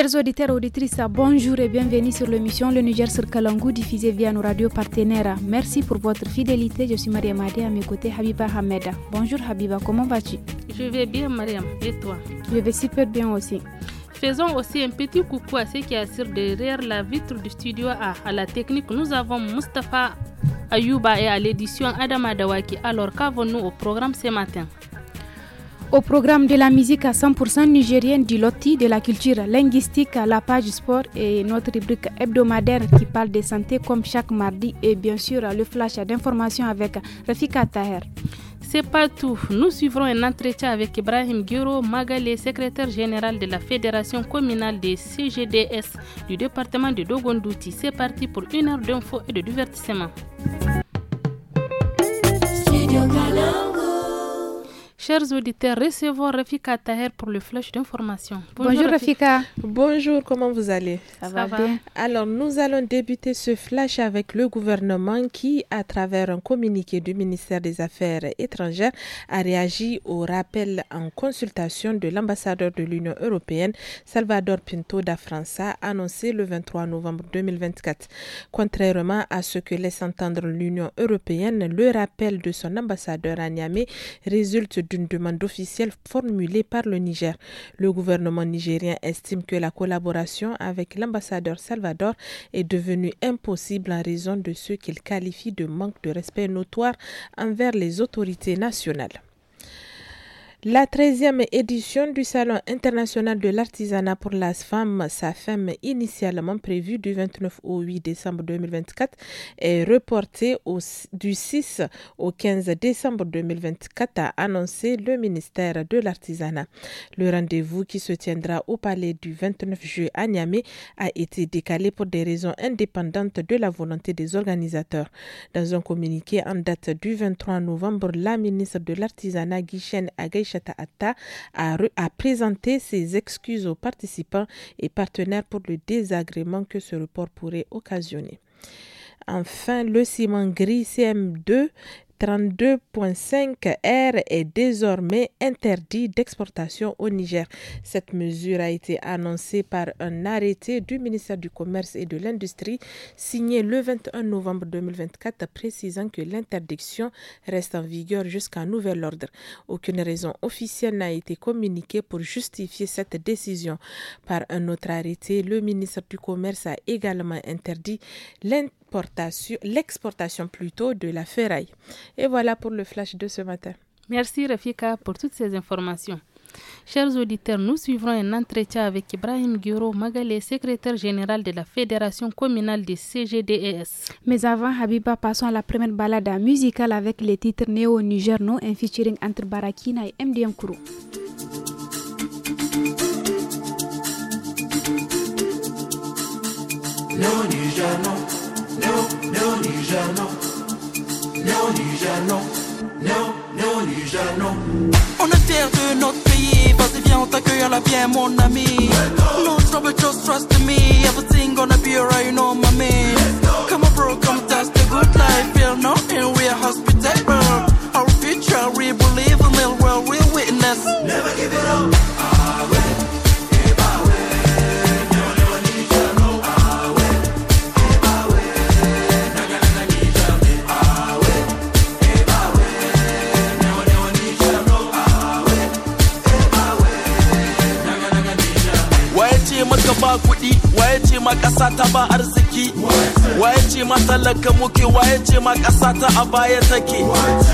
Chers auditeurs et auditrices, bonjour et bienvenue sur l'émission Le Niger sur Kalangou diffusée via nos radios partenaires. Merci pour votre fidélité. Je suis Mariam Adé, à mes côtés Habiba Hameda. Bonjour Habiba, comment vas-tu Je vais bien Mariam, et toi Je vais super bien aussi. Faisons aussi un petit coucou à ceux qui assurent derrière la vitre du studio A. À la technique, nous avons Mustapha Ayouba et à l'édition Adam Adawaki. Alors qu'avons-nous au programme ce matin au programme de la musique à 100% nigérienne du loti, de la culture linguistique à la page sport et notre rubrique hebdomadaire qui parle de santé comme chaque mardi et bien sûr le flash d'informations avec Rafika Taher. C'est pas tout. Nous suivrons un entretien avec Ibrahim Giro Magalé, secrétaire général de la Fédération communale des CGDS du département de Dogondouti. C'est parti pour une heure d'infos et de divertissement. Chers auditeurs, recevons Rafika Taher pour le flash d'information. Bonjour, Rafika. Bonjour, comment vous allez Ça, Ça va, bien. Alors, nous allons débuter ce flash avec le gouvernement qui, à travers un communiqué du ministère des Affaires étrangères, a réagi au rappel en consultation de l'ambassadeur de l'Union européenne, Salvador Pinto da França, annoncé le 23 novembre 2024. Contrairement à ce que laisse entendre l'Union européenne, le rappel de son ambassadeur à Niamey résulte du une demande officielle formulée par le Niger. Le gouvernement nigérien estime que la collaboration avec l'ambassadeur Salvador est devenue impossible en raison de ce qu'il qualifie de manque de respect notoire envers les autorités nationales. La 13e édition du Salon international de l'artisanat pour la femme, sa femme initialement prévue du 29 au 8 décembre 2024, est reportée au, du 6 au 15 décembre 2024, a annoncé le ministère de l'Artisanat. Le rendez-vous qui se tiendra au palais du 29 juin à Niamey a été décalé pour des raisons indépendantes de la volonté des organisateurs. Dans un communiqué en date du 23 novembre, la ministre de l'Artisanat, Guichen Agaï Chataata Atta a, a présenté ses excuses aux participants et partenaires pour le désagrément que ce report pourrait occasionner. Enfin, le ciment gris CM2 32.5 R est désormais interdit d'exportation au Niger. Cette mesure a été annoncée par un arrêté du ministère du Commerce et de l'Industrie signé le 21 novembre 2024 précisant que l'interdiction reste en vigueur jusqu'à nouvel ordre. Aucune raison officielle n'a été communiquée pour justifier cette décision. Par un autre arrêté, le ministère du Commerce a également interdit l'exportation plutôt de la ferraille. Et voilà pour le flash de ce matin. Merci Rafika pour toutes ces informations. Chers auditeurs, nous suivrons un entretien avec Ibrahim Guro Magalé, secrétaire général de la Fédération communale des CGDES. Mais avant, Habiba, passons à la première balade musicale avec les titres néo-nigerno, un featuring entre Barakina et MDM Kourou. Néo-nigerno on est fiers de notre pays, vas-y viens on t'accueille la bien mon ami No trouble, just trust me, everything gonna be alright, you know my man ma ƙasa ta ba arziki waye ce ma talaka muke waye ce ma ƙasa ta a baya take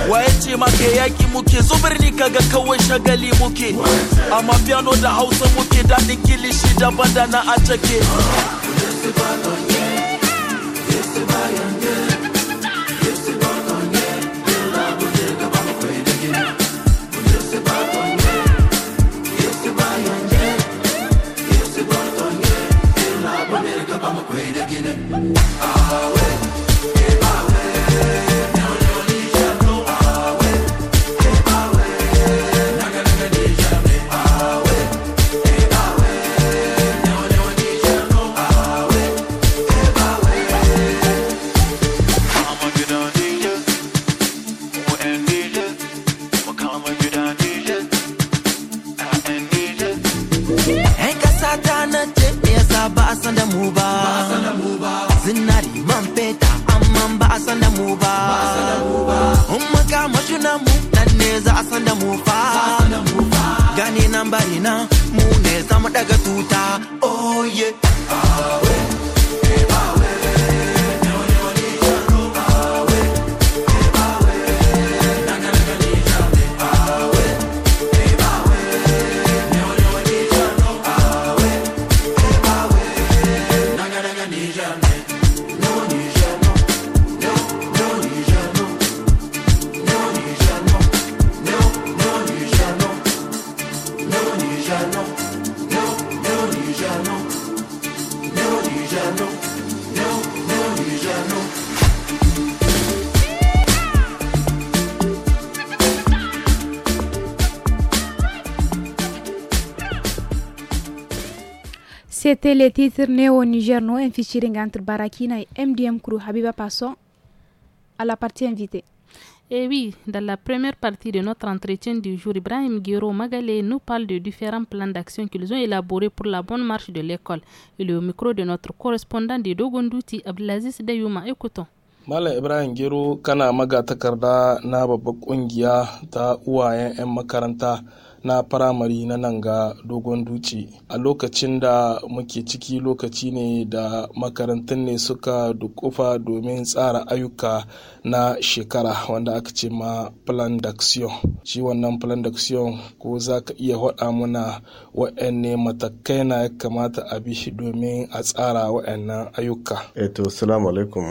waye ce ma ke yaƙi muke zubirni kaga kawai shagali muke a piano da hausa muke daɗin kilishi daban da na a take yeah. C'était les titres néo Niger en featuring entre Barakina et MDM Crew. Habiba passons à la partie invitée. Et eh oui, dans la première partie de notre entretien du jour, Ibrahim Giro Magalé nous parle de différents plans d'action qu'ils ont élaborés pour la bonne marche de l'école. Il est au micro de notre correspondant de Dogondouti, Abdelaziz Dayouma. Écoutons. Malam Ibrahim Gero kana magatakarda na babbar kungiya ta uwayen makaranta na firamare na nan ga dogon duce a lokacin da muke ciki lokaci ne da makarantun ne suka dukufa domin tsara ayyuka na shekara wanda aka ce ma plan d'action shi wannan plan d'action ko za ka iya haɗa mana waɗanne matakai na ya kamata a bi domin a tsara waɗannan ayyuka eto eh salamu alaikum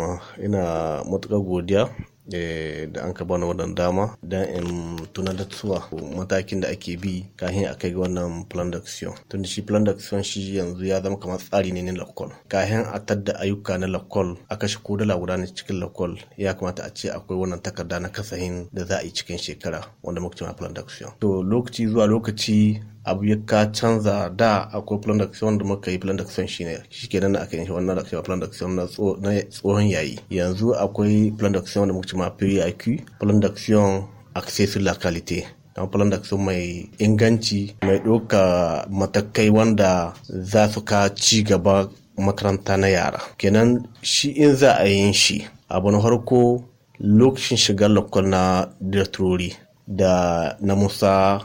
ina matuƙar godiya Eh, da an ka bani wannan dama don in tuna da Ko matakin da ake bi kahin a kai wannan plan d'action tun da shi plan d'action shi yanzu ya zama kamar tsari ne na lakol kahin a tadda ayyuka na lakol a kashe ko dala guda ne cikin lakol ya kamata a ce akwai wannan takarda na kasahin da za a yi cikin shekara wanda muka ce plan d'action to lokaci zuwa lokaci abu ya ka canza da akwai plan da wanda muka yi plan da shi ne shi ke nan aka yi wannan da plan da na tsohon yayi yanzu akwai plan da muka ci ma IQ plan da accès sur la qualité don plan da mai inganci mai ɗauka matakai wanda za su ka ci gaba makaranta na yara kenan shi in za a yin shi abu na farko lokacin shigar lokal na da da na musa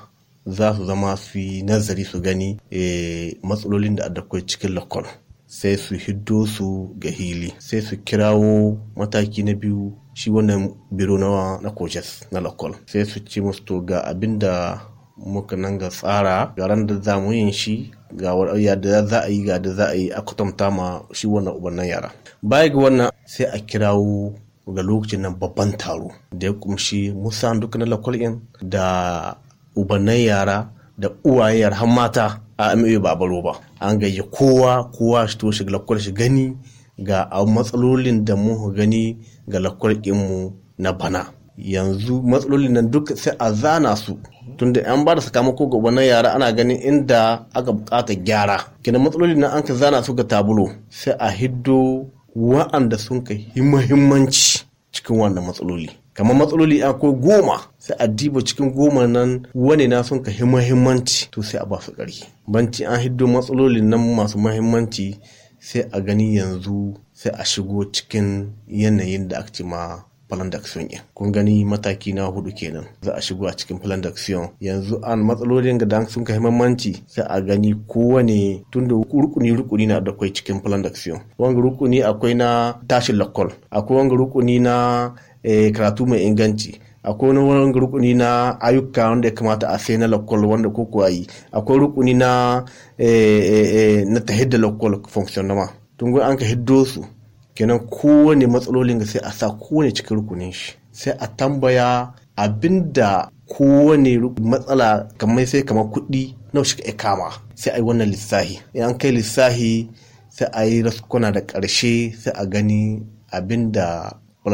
za su zama su yi nazari su gani eh, matsalolin da adakwai cikin lakon sai su hiddo su ga hili sai su kirawo mataki na biyu shi wannan biro na koches na lakon sai su ci musu to ga abin da muka nan ga tsara ga ran da za mu yin shi ga yadda za a yi ga da za a yi a kwatanta ma shi wannan ubannan yara baya ga wannan sai a kirawo ga lokacin nan babban taro da ya kumshi musa duk na lakwalin da ubannan yara da uwayen har mata a MA ba baro ba an gayya kowa kowa shi to shi lakwal shi gani ga matsalolin da mu gani ga lakwal mu na bana yanzu matsalolin nan duk sai a zana su tunda 'yan ba da sakamako ga ubannan yara ana ganin inda aka bukata gyara kina matsalolin nan an ka zana su ga tabulo sai a hiddo wa'anda sun kai himmanci cikin wannan matsaloli kamar matsaloli a ko goma sai a diba cikin goma nan wane na sun ka muhimmanci to sai a ba su ƙarfi banci an hiddo matsalolin nan masu muhimmanci sai a gani yanzu sai a shigo cikin yanayin da ake ma plan d'action ɗin kun gani mataki na hudu kenan za a shigo a cikin plan d'action yanzu an matsalolin da sun kai muhimmanci sai a gani kowane tunda rukuni rukuni na da kwai cikin plan d'action wanga rukuni akwai na tashin lakol akwai wanga rukuni na eh, karatu mai inganci akwai wani rukuni na ayyuka wanda ya kamata a sai na lokal wanda ko kuwa yi akwai rukuni na eh, eh, na hidda lokal nama tun an ka hiddo su kenan kowane matsalolin ga sai a sa kowane cikin rukunin shi sai a tambaya abinda kowane matsala kamar sai kamar kuɗi nawa shi ka kama sai a yi wannan lissahi in an kai lissahi sai a yi raskuna da ƙarshe sai a gani abinda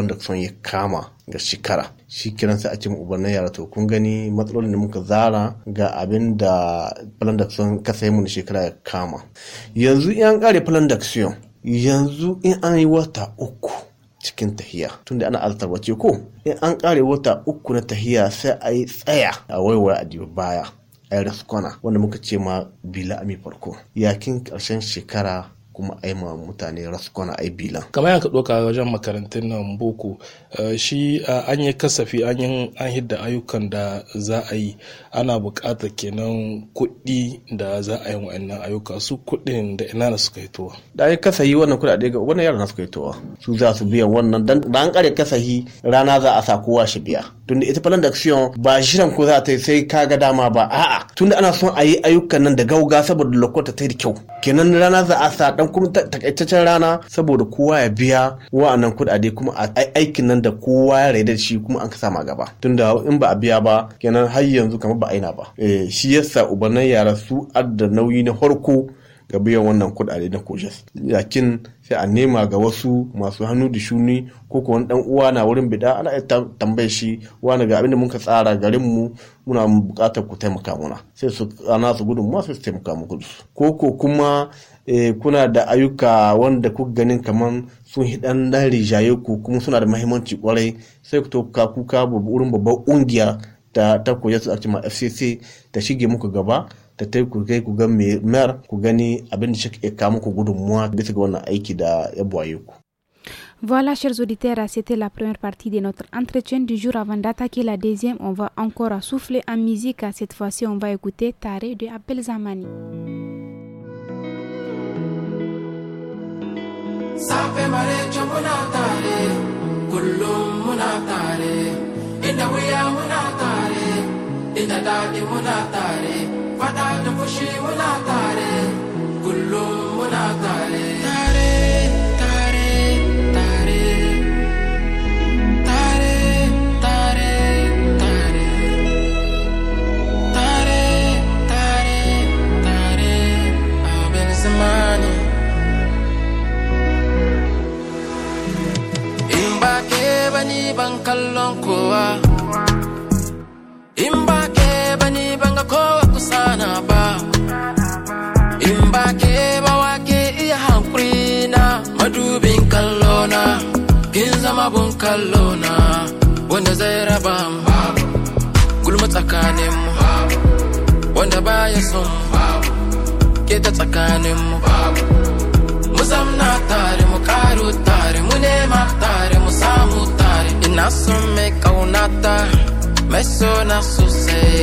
da son ya kama ga shekara shi kiran sai a ce ubannin yara to kun gani matsalolin da muka zara ga abin da plan da son sai mun shekara ya kama yanzu in an kare plan yanzu in an yi wata uku cikin tahiya tunda ana altarwace ko in an kare wata uku na tahiya sai a yi tsaya a waiwaya a baya a yi kwana. wanda muka ce ma bila ami farko yakin ƙarshen shekara kuma aima ma mutane raskwana a bila. kamar yaka ka wajen makarantun nan boko eh, shi eh, an yi kasafi an yi hidda ayyukan da za a yi ana bukatar kenan kuɗi da za a yi wa'annan ayyuka su kuɗin da ina na suka hitowa. da ya kasayi wannan kuɗaɗe ga wannan yaran suka hitowa su za su biya wannan dan da an ƙare rana za a sa kowa shi biya tunda ita falan da action ba shiran ko za ta yi sai ka ga dama ba a'a tunda ana son a yi ayyukan nan da gauga saboda lokota ta da kyau kenan rana za a sa dan kuma takaitaccen rana saboda kowa ya biya wa'annan kuɗaɗe kuma a aikin nan da kowa ya raida shi kuma an kasa ma gaba tunda in ba a biya ba kenan har yanzu kamar ba aina ba eh, shi yasa ubannin yara su adda nauyi na farko ga biyan wannan kudade na kojes yakin sai a nema ga wasu masu hannu da shuni ko kuwa dan uwa na wurin bida ana tambaye shi wani ga abinda muka tsara garin mu muna buƙatar ku taimaka muna sai su ana su gudun ma su taimaka muku ko ko kuma eh, kuna da ayyuka wanda ku ganin kaman sun hi dan dan rijaye ku kuma suna da muhimmanci kwarai sai ku to kuka wurin babban ƙungiya ta ta koyar su a fcc ta shige muku gaba ta tai ku kai ku ga mayar ku gani abin da shi ka kawo muku gudunmuwa bisa ga wannan aiki da ya buwaye ku. Voilà, chers auditeurs, c'était la première partie de notre entretien du jour. Avant d'attaquer la deuxième, on va encore souffler en musique. Cette fois-ci, on va écouter Tare de Abel Zamani. safe mare marecho munatare kullum tare, inda wuya munatare inda dadi tare. فتح نفوشي ولا تعرف كله ولا تعرف تعرف تعرف تعرف تعرف تعرف تعرف تعرف تعرف تعرف عبين زماني إن باكي بني بنكلون كوا In ba ke bani banga kowa sana ba in ba ke ba wa ke iya hankuri na madubin kallona kin zama bun kallona wanda zai raba gulma tsakanin mu wanda baya son ke ta tsakanin mu mu zamna tare mu karu tare mu nema tare mu samu tare ina son mai kaunata mai so na sosai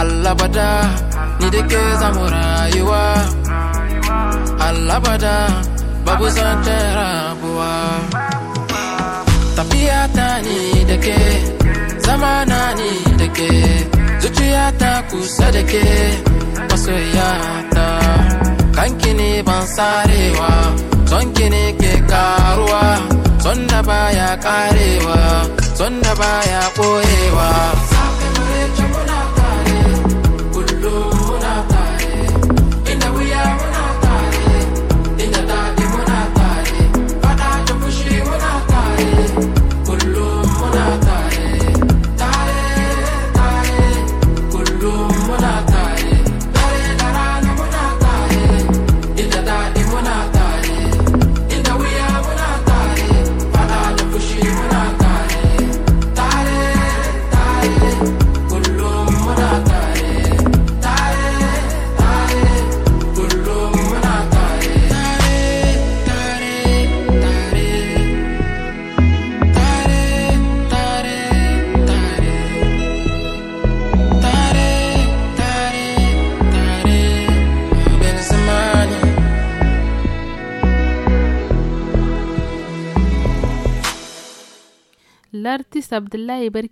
Alabada, ni deke zamura yiwa. Alabada, babu zante rabuwa. Tabia ta ni deke, zamana ni deke. zuchi ta kusa deke, masoya ta. Kanki ne ban sarewa, son ki ne ke karewa, son da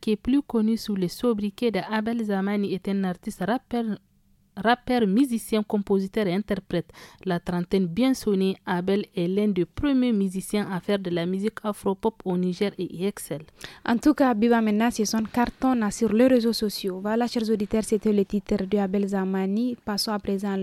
qui est plus connu sous le sobriquet d'Abel Zamani, est un artiste rappeur musicien, compositeur et interprète. La trentaine bien sonnée, Abel est l'un des premiers musiciens à faire de la musique afro-pop au Niger et y excelle. En tout cas, Biba Menace c'est son carton sur les réseaux sociaux. Voilà, chers auditeurs, c'était le titre de Abel Zamani. Passons à présent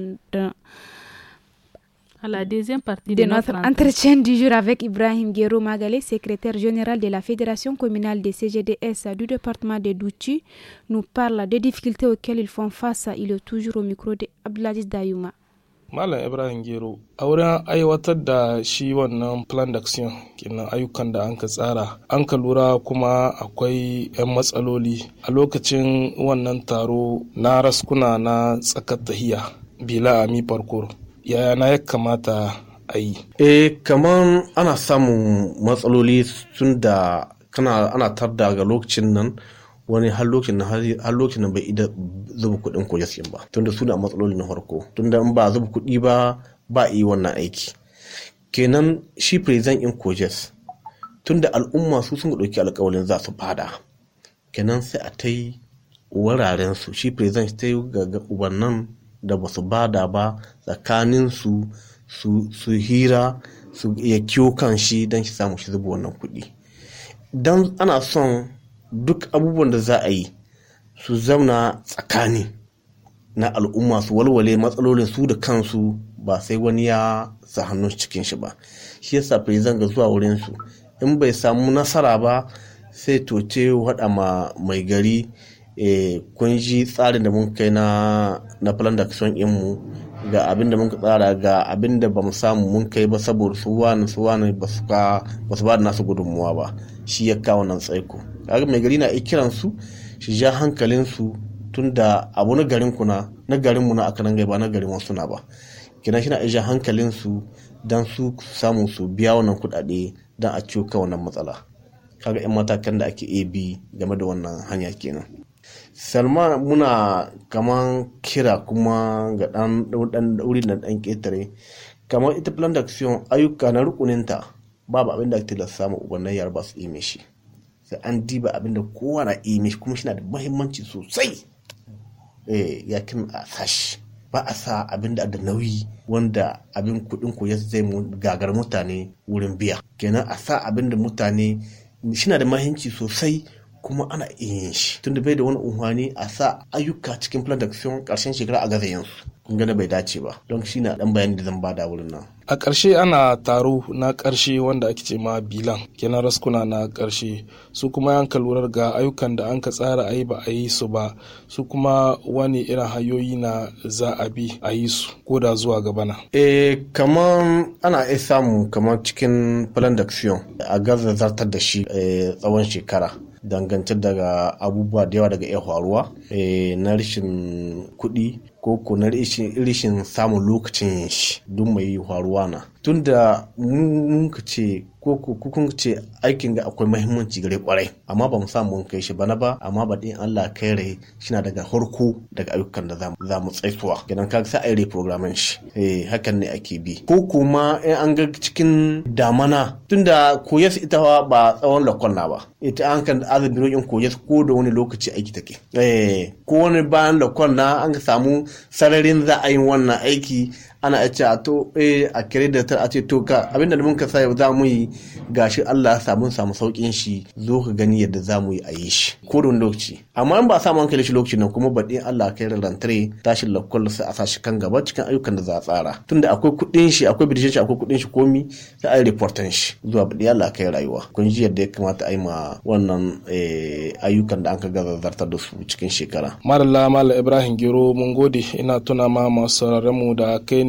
à la deuxième partie de, notre, entretien du jour avec Ibrahim Guerro Magalé, secrétaire général de la Fédération communale des CGDS du département de Douchi, nous parle des difficultés auxquelles ils font face. Il est toujours au micro de Abdelaziz Dayouma. Malam Ibrahim Gero, a wurin aiwatar da shi wannan plan d'action kenan ayyukan da an ka tsara, an ka lura kuma akwai 'yan matsaloli a lokacin wannan taro na raskuna na tsakar bila ami parkour. yaya ya kamata a yi eh kamar ana samun matsaloli tun da kana ana tarda ga lokacin nan wani har lokacin nan bai ida zuba kuɗin ko yasin ba tunda da suna matsaloli na farko tunda in ba zuba kuɗi ba ba yi wannan aiki kenan shi president in kojes tun da al'umma su sun ɗauki alkawalin za su fada kenan sai a ta yi wuraren su shi ta yi ga ubannan da ba su bada ba tsakanin su su hira su ya kiwo kan shi don shi samu shi zuba wannan kuɗi don ana son duk abubuwan da za a yi su zauna tsakani na al'umma su walwale matsalolin su da kansu ba sai wani ya sa hannun cikin shi ba shi yasa fai zanga zuwa wurin su in bai samu nasara ba sai to ce ma mai gari Eh, kun ji tsarin da mun kai na na plan da kusan inmu mu ga abin da mun tsara ga abin da mu samu mun kai ba saboda su wani su wani ba su ba da nasu gudunmuwa ba shi ya kawo nan tsaiko kaga mai gari na kiransu su shi ja hankalin su da abu na garin kuna na garin mu na akanan gai ba na garin wasu na ba kina shi na ija hankalin su dan su samu su biya wannan kuɗaɗe dan a kawo wannan matsala kaga 'yan matakan da ake ab game da wannan hanya kenan salman muna kaman kira kuma ga dan wuri na dan ƙetare kamar ita plan d'action ayyuka na rukuninta babu abin da tilasta ma ubannin yar ba su ime shi sai an diba abinda da kowa na ime shi kuma shi na da mahimmanci sosai eh ya kin a sashi ba a sa abin da da nauyi wanda abin kuɗin ku ya zai gagar mutane wurin biya kenan a sa abin da mutane shi na da mahimmanci sosai kuma ana iya yin shi tunda bai da wani umarni a sa ayyuka cikin plan d'action karshen shekara a gaza yansu kun gane bai dace ba don shi na dan bayani da zan bada wurin nan a ƙarshe ana taro na ƙarshe wanda ake ce ma bilan kenan raskuna na ƙarshe su kuma yan kalurar ga ayyukan da an ka tsara a yi ba a yi su ba su kuma wani irin hanyoyi na za a bi a yi su ko da zuwa gaba na eh kaman ana iya samu kamar cikin plan d'action a gaza zartar da shi eh, tsawon shekara Dangance daga abubuwa da yawa daga iya faruwa eh, na rashin kuɗi ko ko na rashin samun lokacin yin shi duk mai faruwa na tunda mun ka ce ko kun ce aikin ga akwai mahimmanci gare kwarai amma ba mu samu mun kai shi bana ba amma ba din Allah kai rai shina daga harko daga ayyukan da za mu tsaituwa gidan ka sai ai reprogramming shi eh hakan ne ake bi ko kuma in an ga cikin damana tunda koyas ita ba tsawon lakon na ba ita an kan azumi roƙin koyas ko da wani lokaci aiki take eh ko wani bayan lakon na an samu sararin za a yi wannan aiki ana a ce a to eh a kere da ta a ce to ka abinda da muka sa yau za mu yi gashi Allah ya samu samu saukin shi zo ka gani yadda za mu yi a yi shi ko don lokaci amma in ba sa samu hankali shi lokaci nan kuma baɗi Allah kai rantare tashin lakwal sai a sashi kan gaba cikin ayyukan da za a tsara tunda akwai kuɗin shi akwai bidishin shi akwai kuɗin shi komi sai a yi reportan shi zuwa baɗi Allah kai rayuwa kun ji yadda ya kamata a yi ma wannan eh, ayyukan da an ka gaza zartar da su cikin shekara. Malala Ibrahim Gero mun gode ina tuna ma masu sauraron mu da kai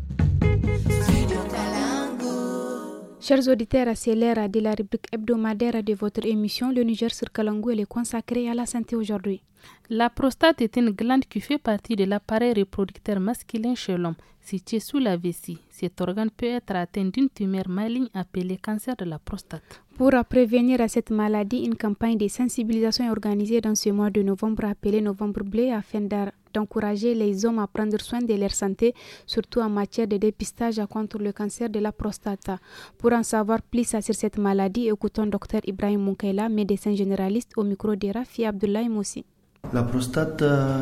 Chers auditeurs, c'est l'heure de la rubrique hebdomadaire de votre émission Le Niger sur Kalangu est consacré à la santé aujourd'hui. La prostate est une glande qui fait partie de l'appareil reproducteur masculin chez l'homme, situé sous la vessie. Cet organe peut être atteint d'une tumeur maligne appelée cancer de la prostate. Pour prévenir cette maladie, une campagne de sensibilisation est organisée dans ce mois de novembre appelée Novembre bleu afin d'encourager les hommes à prendre soin de leur santé, surtout en matière de dépistage contre le cancer de la prostate. Pour en savoir plus sur cette maladie, écoutons Dr Ibrahim Moukela, médecin généraliste au micro de Rafi Abdoulaye Moussi. La prostate, euh,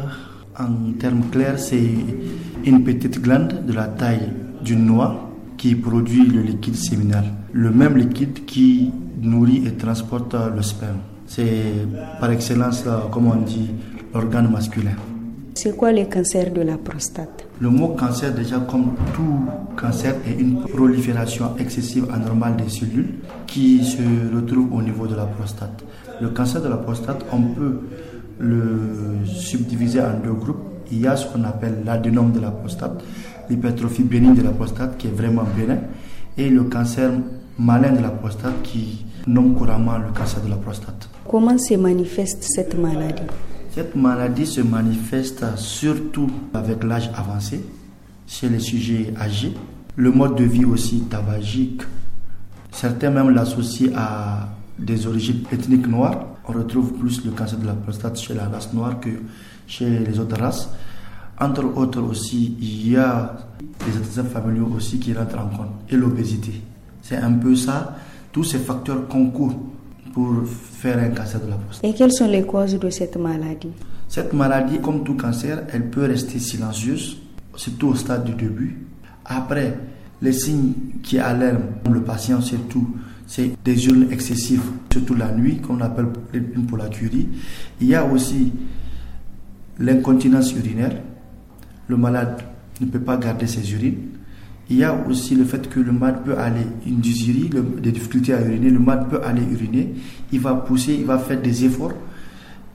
en termes clairs, c'est une petite glande de la taille d'une noix qui produit le liquide séminal, le même liquide qui nourrit et transporte le sperme. C'est par excellence, euh, comme on dit, l'organe masculin. C'est quoi le cancer de la prostate Le mot cancer, déjà comme tout cancer, est une prolifération excessive anormale des cellules qui se retrouvent au niveau de la prostate. Le cancer de la prostate, on peut le subdiviser en deux groupes. Il y a ce qu'on appelle l'adénome de la prostate, l'hypertrophie bénigne de la prostate qui est vraiment bénin et le cancer malin de la prostate qui nomme couramment le cancer de la prostate. Comment se manifeste cette maladie Cette maladie se manifeste surtout avec l'âge avancé, chez les sujets âgés, le mode de vie aussi tabagique. Certains même l'associent à des origines ethniques noires. On retrouve plus le cancer de la prostate chez la race noire que chez les autres races. Entre autres aussi, il y a les antécédents familiaux aussi qui rentrent en compte et l'obésité. C'est un peu ça. Tous ces facteurs concourent pour faire un cancer de la prostate. Et quelles sont les causes de cette maladie Cette maladie, comme tout cancer, elle peut rester silencieuse, surtout au stade du début. Après, les signes qui alarment le patient, surtout, c'est des urines excessives, surtout la nuit, qu'on appelle une curie. Il y a aussi l'incontinence urinaire, le malade ne peut pas garder ses urines. Il y a aussi le fait que le malade peut aller une dysurie, des difficultés à uriner, le malade peut aller uriner, il va pousser, il va faire des efforts,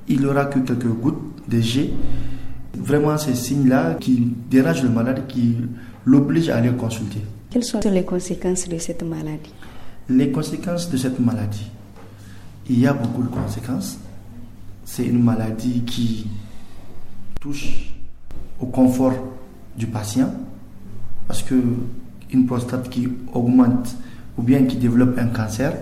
il n'aura que quelques gouttes, des jets. Vraiment, ces signes-là qui dérangent le malade, qui l'obligent à aller consulter. Quelles sont les conséquences de cette maladie Les conséquences de cette maladie, il y a beaucoup de conséquences. C'est une maladie qui touche au confort du patient, parce que une prostate qui augmente ou bien qui développe un cancer,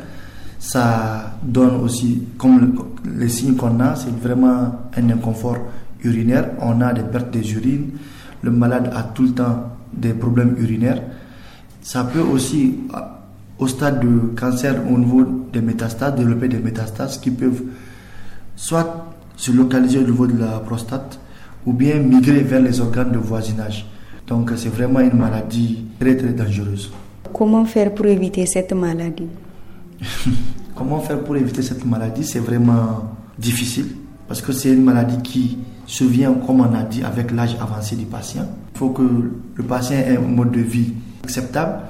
ça donne aussi, comme les signes qu'on a, c'est vraiment un inconfort urinaire. On a des pertes des urines. Le malade a tout le temps des problèmes urinaires. Ça peut aussi, au stade de cancer, au niveau des métastases, développer des métastases qui peuvent soit se localiser au niveau de la prostate, ou bien migrer vers les organes de voisinage. Donc c'est vraiment une maladie très très dangereuse. Comment faire pour éviter cette maladie Comment faire pour éviter cette maladie C'est vraiment difficile parce que c'est une maladie qui survient, comme on a dit, avec l'âge avancé du patient. Il faut que le patient ait un mode de vie acceptable,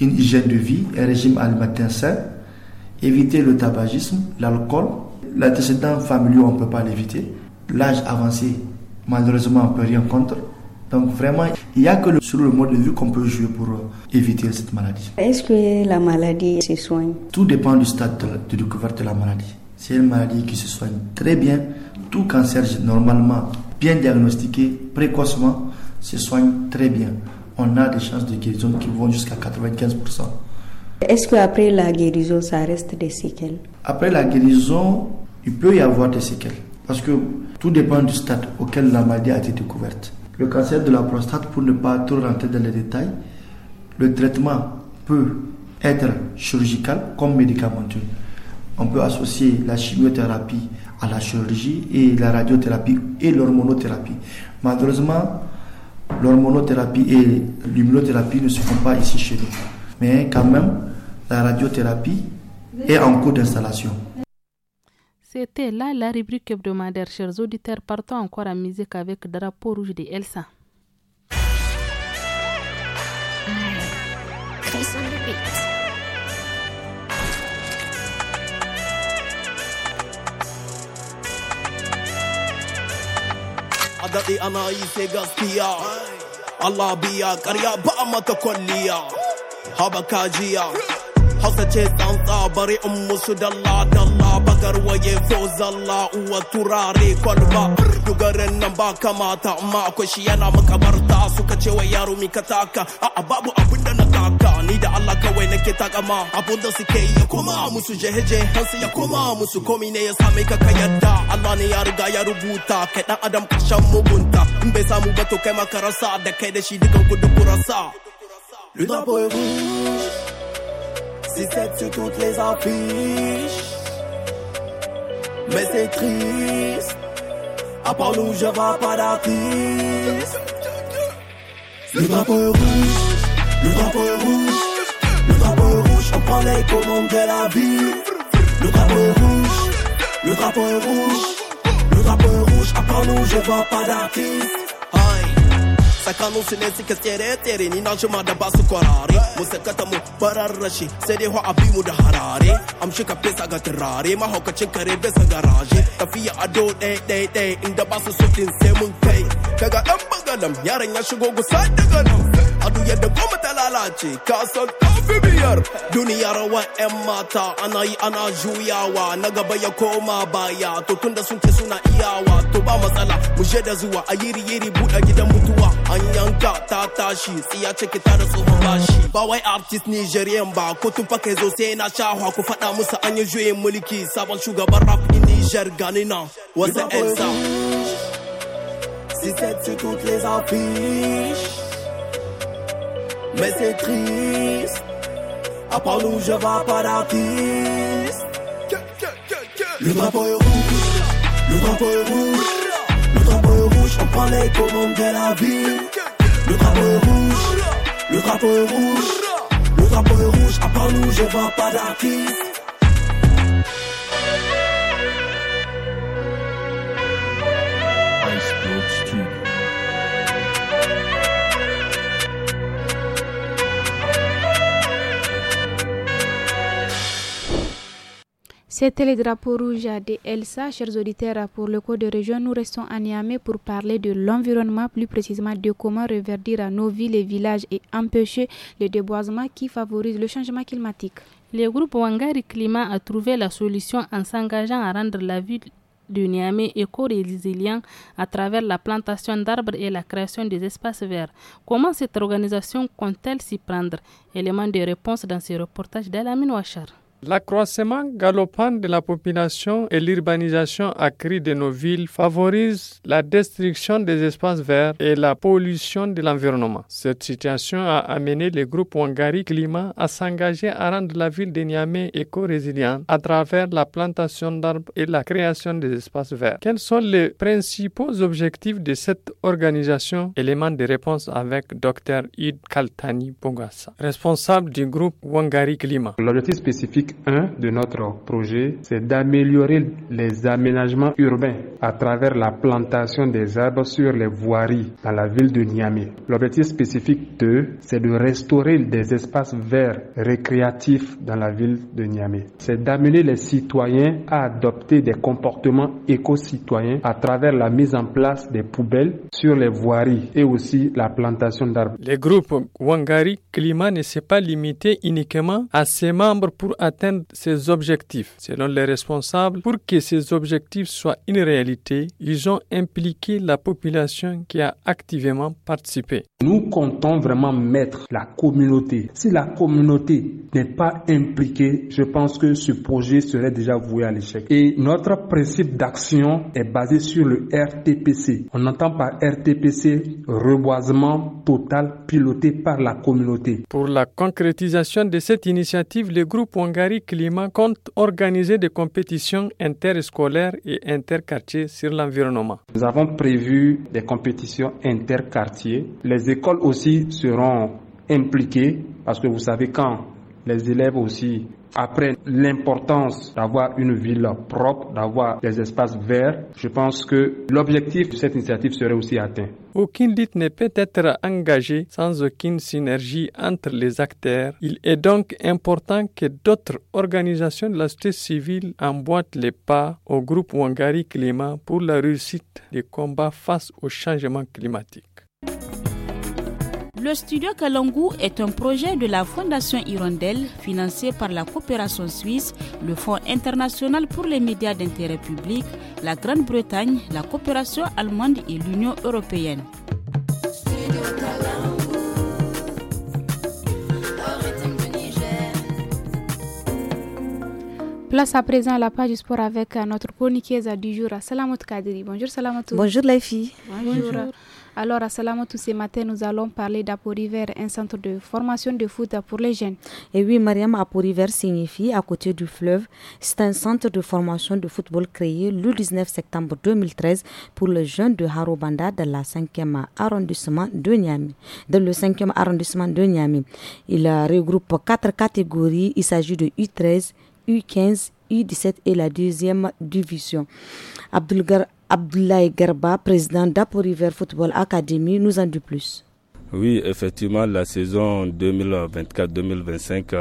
une hygiène de vie, un régime alimentaire sain, éviter le tabagisme, l'alcool, l'antécédent familial, on ne peut pas l'éviter, l'âge avancé malheureusement, on ne peut rien contre. Donc vraiment, il n'y a que le, sur le mode de vie qu'on peut jouer pour euh, éviter cette maladie. Est-ce que la maladie se soigne Tout dépend du stade de, de découverte de la maladie. C'est une maladie qui se soigne très bien. Tout cancer, normalement, bien diagnostiqué, précocement, se soigne très bien. On a des chances de guérison qui vont jusqu'à 95%. Est-ce qu'après la guérison, ça reste des séquelles Après la guérison, il peut y avoir des séquelles. Parce que tout dépend du stade auquel la maladie a été découverte. Le cancer de la prostate, pour ne pas trop rentrer dans les détails, le traitement peut être chirurgical comme médicamenteux. On peut associer la chimiothérapie à la chirurgie et la radiothérapie et l'hormonothérapie. Malheureusement, l'hormonothérapie et l'immunothérapie ne se font pas ici chez nous. Mais quand même, la radiothérapie est en cours d'installation. C'était là la rubrique hebdomadaire, chers auditeurs. Partons encore en musique avec Drapeau Rouge de Elsa. daɗe ana yi sai gaskiya Allah biya ƙarya ba a mata kwalliya haba kajiya hausa ce tsantsa bari in musu dalla dalla waye fozalla الله turare kwalba dogaran nan ba kamata amma akwai shi yana makabarta suka ce wa yaro mi ka taka babu abin na ni da Allah kawai nake takama abun da suke yi ya koma musu jeheje hansu ya koma musu komi ne ya same ka yadda Allah ne ya ya rubuta kai dan adam kashan mugunta in bai samu ba to kai maka rasa da kai da shi dukan kurasa Le drapeau est rouge, si c'est toutes les affiches mais c'est triste. À nous, je vois pas d'artiste. Le drapeau rouge, le drapeau rouge, le drapeau rouge, on prend les commandes de la vie. Le drapeau rouge, le drapeau rouge, le drapeau rouge, à nous, je vois pas d'artiste. tsakanin su ne suke tsere tsere ni na jima da basu kwarare mu sakata mu farar rashi sai dai a bi mu da harare amshi ka fesa ga turare mahaukacin kare bisa garaje tafiya ado ɗaya ɗaya ɗaya inda basu su sai mun kai kaga dan bagalam yaron ya shigo gusa daga nan adu yadda goma ta lalace ka san tafi biyar duniya rawan yan mata ana yi ana juyawa na gaba ya koma baya to tunda sun ke suna iyawa to ba matsala mu je da zuwa a yiri yiri buɗe gidan mutuwa an yanka ta tashi tsiya ciki ta da tsohon bashi ba wai artist nigerian ba ko tun fa kai zo sai na shahwa ku faɗa musu an yi juyin mulki sabon shugaban rap in niger ganina wasu 'yan 6-7 sur toutes les affiches. Mais c'est triste, à nous, je vois pas d'artiste. Le drapeau est rouge, le drapeau est rouge, le drapeau est rouge, on prend les commandes de la ville. Le drapeau est rouge, le drapeau est rouge, le drapeau est rouge, à nous, je vois pas d'artiste. C'était le drapeau rouge à Elsa. Chers auditeurs, pour le code de région, nous restons à Niamey pour parler de l'environnement, plus précisément de comment reverdir à nos villes et villages et empêcher le déboisement qui favorise le changement climatique. Le groupe Wangari Climat a trouvé la solution en s'engageant à rendre la ville de Niamey éco-résilient à travers la plantation d'arbres et la création des espaces verts. Comment cette organisation compte-t-elle s'y prendre Élément de réponse dans ce reportage d'Alamin Ouachar. L'accroissement galopant de la population et l'urbanisation accrue de nos villes favorisent la destruction des espaces verts et la pollution de l'environnement. Cette situation a amené le groupe Wangari Climat à s'engager à rendre la ville de Niamey éco-résiliente à travers la plantation d'arbres et la création des espaces verts. Quels sont les principaux objectifs de cette organisation Élément de réponse avec Dr. Id Kaltani Bongassa, responsable du groupe Wangari Climat. L'objectif spécifique un de notre projet, c'est d'améliorer les aménagements urbains à travers la plantation des arbres sur les voiries dans la ville de Niamey. L'objectif spécifique 2, c'est de restaurer des espaces verts récréatifs dans la ville de Niamey. C'est d'amener les citoyens à adopter des comportements éco-citoyens à travers la mise en place des poubelles sur les voiries et aussi la plantation d'arbres. Les groupes Wangari Climat ne s'est pas limité uniquement à ses membres pour atteindre atteindre ces objectifs. Selon les responsables, pour que ces objectifs soient une réalité, ils ont impliqué la population qui a activement participé. Nous comptons vraiment mettre la communauté. Si la communauté n'est pas impliquée, je pense que ce projet serait déjà voué à l'échec. Et notre principe d'action est basé sur le RTPC. On entend par RTPC reboisement total piloté par la communauté. Pour la concrétisation de cette initiative, le groupe Wangari Climat compte organiser des compétitions interscolaires et interquartiers sur l'environnement. Nous avons prévu des compétitions interquartiers. Les écoles aussi seront impliquées parce que vous savez quand les élèves aussi après l'importance d'avoir une ville propre, d'avoir des espaces verts, je pense que l'objectif de cette initiative serait aussi atteint. Aucune lutte ne peut être engagée sans aucune synergie entre les acteurs. Il est donc important que d'autres organisations de la société civile emboîtent les pas au groupe Wangari Climat pour la réussite des combats face au changement climatique. Le studio Kalangu est un projet de la Fondation Hirondelle financé par la coopération suisse, le Fonds international pour les médias d'intérêt public, la Grande-Bretagne, la coopération allemande et l'Union européenne. Place à présent à la page du sport avec euh, notre chroniqueuse du jour, Salamout Kadri. Bonjour Salamot. Bonjour les filles. Bonjour. Alors, à tous ces matins, nous allons parler d'Aporiver, un centre de formation de foot pour les jeunes. Et oui, Mariam, Aporiver signifie à côté du fleuve. C'est un centre de formation de football créé le 19 septembre 2013 pour les jeunes de Harobanda dans, la 5 arrondissement de Niamey, dans le 5e arrondissement de Niamey. Il regroupe quatre catégories. Il s'agit de U13, U15, 17 et la deuxième division. Abdulgar, Abdoulaye Garba, président d'Apo River Football Academy, nous en dit plus. Oui, effectivement, la saison 2024-2025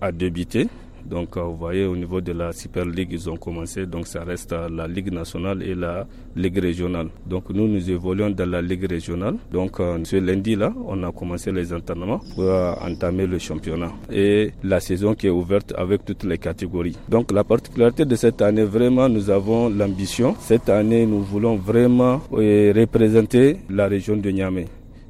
a débuté. Donc euh, vous voyez au niveau de la Super League, ils ont commencé, donc ça reste euh, la Ligue nationale et la Ligue régionale. Donc nous, nous évoluons dans la Ligue régionale. Donc euh, ce lundi-là, on a commencé les entraînements pour entamer le championnat et la saison qui est ouverte avec toutes les catégories. Donc la particularité de cette année, vraiment, nous avons l'ambition. Cette année, nous voulons vraiment représenter la région de Niamey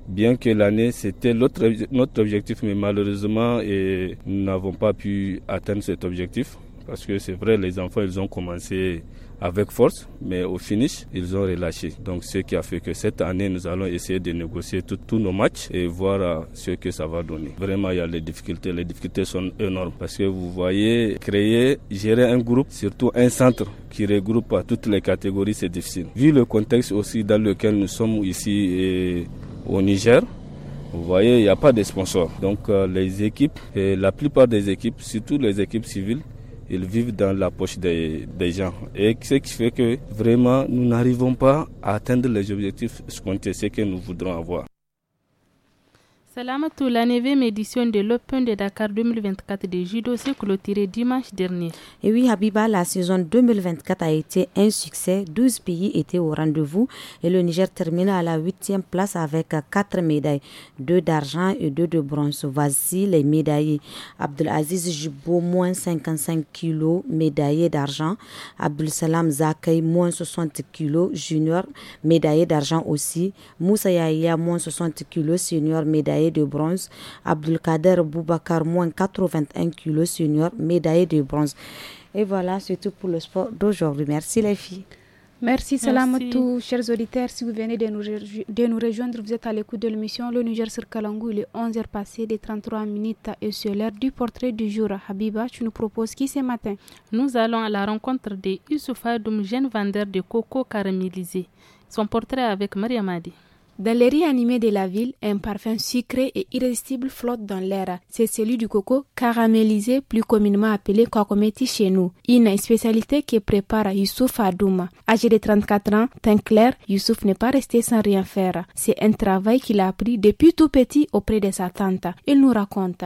bien que l'année c'était notre objectif, mais malheureusement et nous n'avons pas pu atteindre cet objectif parce que c'est vrai, les enfants ils ont commencé avec force, mais au finish, ils ont relâché. Donc, ce qui a fait que cette année, nous allons essayer de négocier tous nos matchs et voir euh, ce que ça va donner. Vraiment, il y a les difficultés. Les difficultés sont énormes parce que vous voyez, créer, gérer un groupe, surtout un centre qui regroupe toutes les catégories, c'est difficile. Vu le contexte aussi dans lequel nous sommes ici et au Niger, vous voyez, il n'y a pas de sponsors. Donc euh, les équipes, et la plupart des équipes, surtout les équipes civiles, ils vivent dans la poche des, gens. Et ce qui fait que vraiment, nous n'arrivons pas à atteindre les objectifs ce que nous voudrons avoir. Salamatou, la 9 édition de l'Open de Dakar 2024 de judo s'est clôturée dimanche dernier. Et oui, Habiba, la saison 2024 a été un succès. 12 pays étaient au rendez-vous et le Niger termina à la 8e place avec 4 médailles, 2 d'argent et 2 de bronze. Voici les médaillés. Abdelaziz Jibo, moins 55 kg, médaillé d'argent. Abdel Salam Zakay, moins 60 kg, junior, médaillé d'argent aussi. Moussa Yahya, moins 60 kg, senior, médaillé de bronze. Abdulkader Boubacar, moins 81 kg senior, médaillé de bronze. Et voilà, c'est tout pour le sport d'aujourd'hui. Merci les filles. Merci, salam tous, Chers auditeurs, si vous venez de nous, de nous rejoindre, vous êtes à l'écoute de l'émission Le Niger sur Kalangou. Il est 11h passé des 33 minutes et sur l'heure du portrait du jour. Habiba, tu nous proposes qui ce matin Nous allons à la rencontre des Youssoufa jeune vendeur de coco caramélisé. Son portrait avec Maria Madi. Dans les riz animés de la ville, un parfum sucré et irrésistible flotte dans l'air. C'est celui du coco caramélisé, plus communément appelé kokometi chez nous. Une spécialité qui prépare Youssouf Adouma. Âgé de 34 ans, teint clair, Youssouf n'est pas resté sans rien faire. C'est un travail qu'il a appris depuis tout petit auprès de sa tante. Il nous raconte.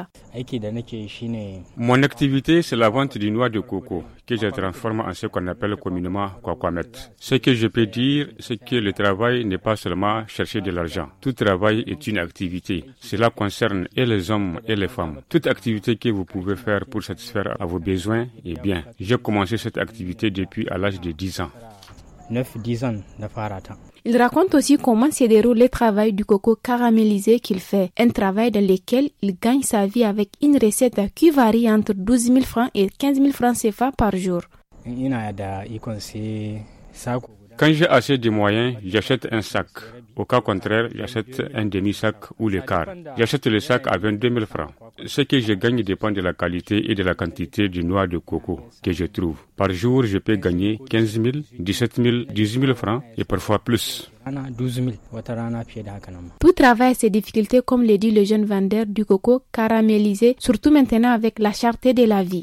Mon activité, c'est la vente du noix de coco que je transforme en ce qu'on appelle communément mette. Ce que je peux dire, c'est que le travail n'est pas seulement chercher de l'argent. Tout travail est une activité. Cela concerne et les hommes et les femmes. Toute activité que vous pouvez faire pour satisfaire à vos besoins est bien. J'ai commencé cette activité depuis à l'âge de 10 ans. 9-10 ans Nafarata. Il raconte aussi comment se déroule le travail du coco caramélisé qu'il fait, un travail dans lequel il gagne sa vie avec une recette qui varie entre 12 000 francs et 15 000 francs CFA par jour. Quand j'ai assez de moyens, j'achète un sac. Au cas contraire, j'achète un demi-sac ou le quart. J'achète le sac à 22 000 francs. Ce que je gagne dépend de la qualité et de la quantité du noix de coco que je trouve. Par jour, je peux gagner 15 000, 17 000, 18 000 francs et parfois plus. Pour Tout difficultés comme le dit le jeune vendeur du coco caramélisé surtout maintenant avec la charté de la vie.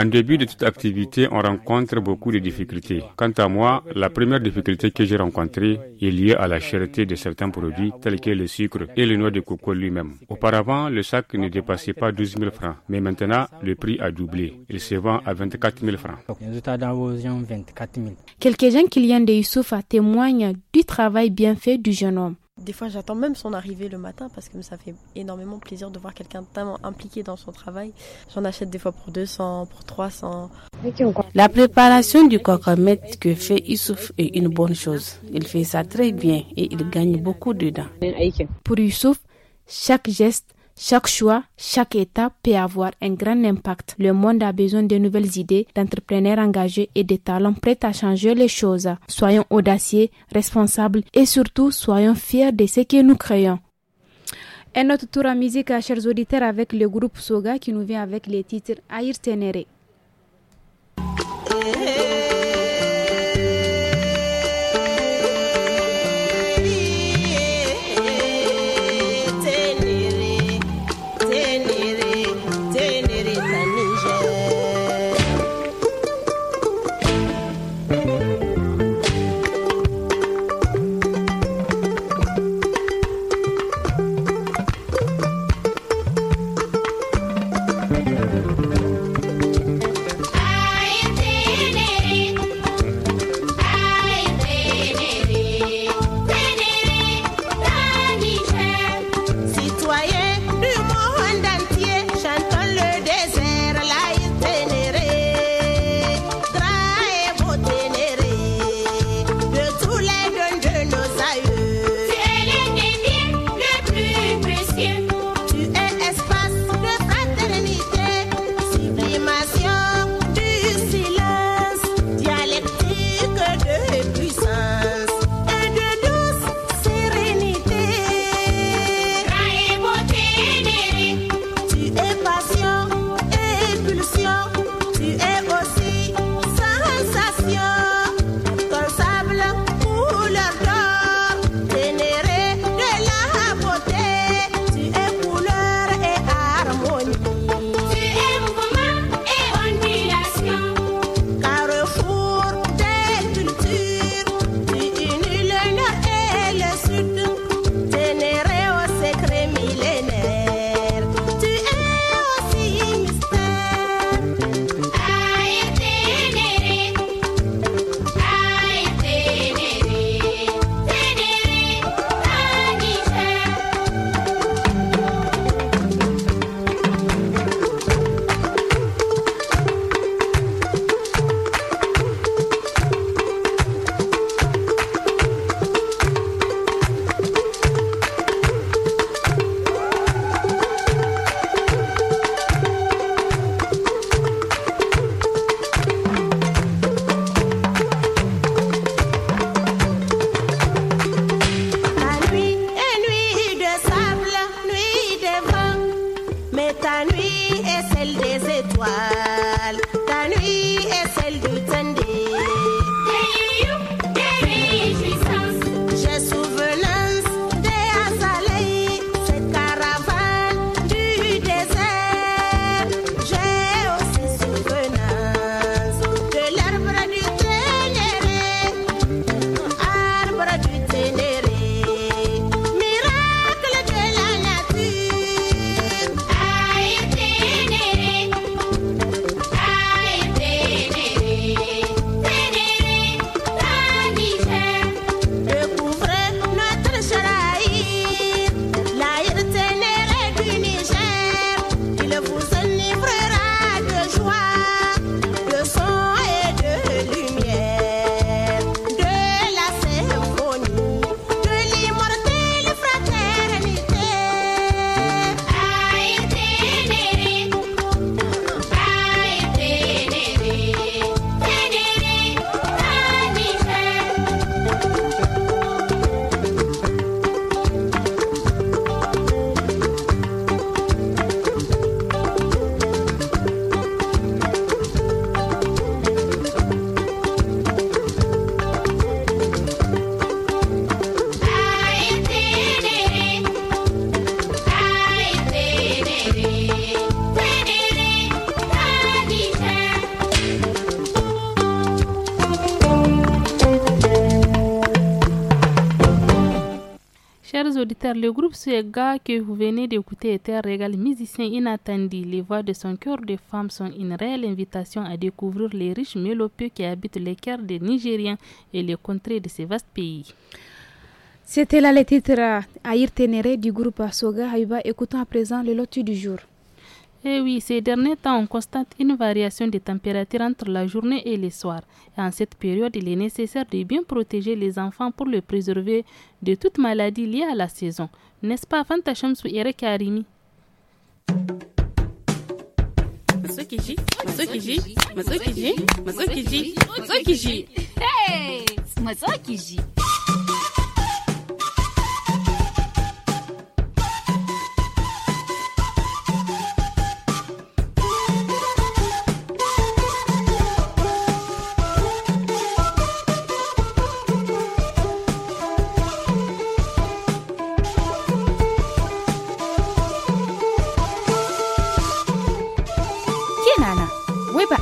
En début de toute activité, on rencontre beaucoup de difficultés. Quant à moi, la première difficulté que j'ai rencontrée est liée à la cherté de certains produits tels que le sucre et le noix de coco lui-même. Auparavant, le sac ne dépassait pas 12 000 francs, mais maintenant, le prix a doublé. Il se vend à 24 000 francs. Quelques qui viennent de à témoigne du travail bien fait du jeune homme. Des fois, j'attends même son arrivée le matin parce que ça fait énormément plaisir de voir quelqu'un tellement impliqué dans son travail. J'en achète des fois pour 200, pour 300. La préparation du cocomet que fait Youssouf est une bonne chose. Il fait ça très bien et il gagne beaucoup dedans. Pour Youssouf, chaque geste chaque choix, chaque étape peut avoir un grand impact. Le monde a besoin de nouvelles idées, d'entrepreneurs engagés et de talents prêts à changer les choses. Soyons audacieux, responsables et surtout soyons fiers de ce que nous créons. Un autre tour à musique, chers auditeurs, avec le groupe Soga qui nous vient avec les titres Aïr Ténéré. le groupe Soga que vous venez d'écouter était régal musicien inattendu. Les voix de son cœur de femmes sont une réelle invitation à découvrir les riches mélopées qui habitent les cœurs des Nigériens et les contrées de ces vastes pays. C'était là le titre euh, Aïr Ténéré du groupe Soga Haïba. Écoutons à présent le lotus du jour. Eh oui, ces derniers temps, on constate une variation des températures entre la journée et les soirs. Et en cette période, il est nécessaire de bien protéger les enfants pour les préserver de toute maladie liée à la saison. N'est-ce pas, Fanta Karimi?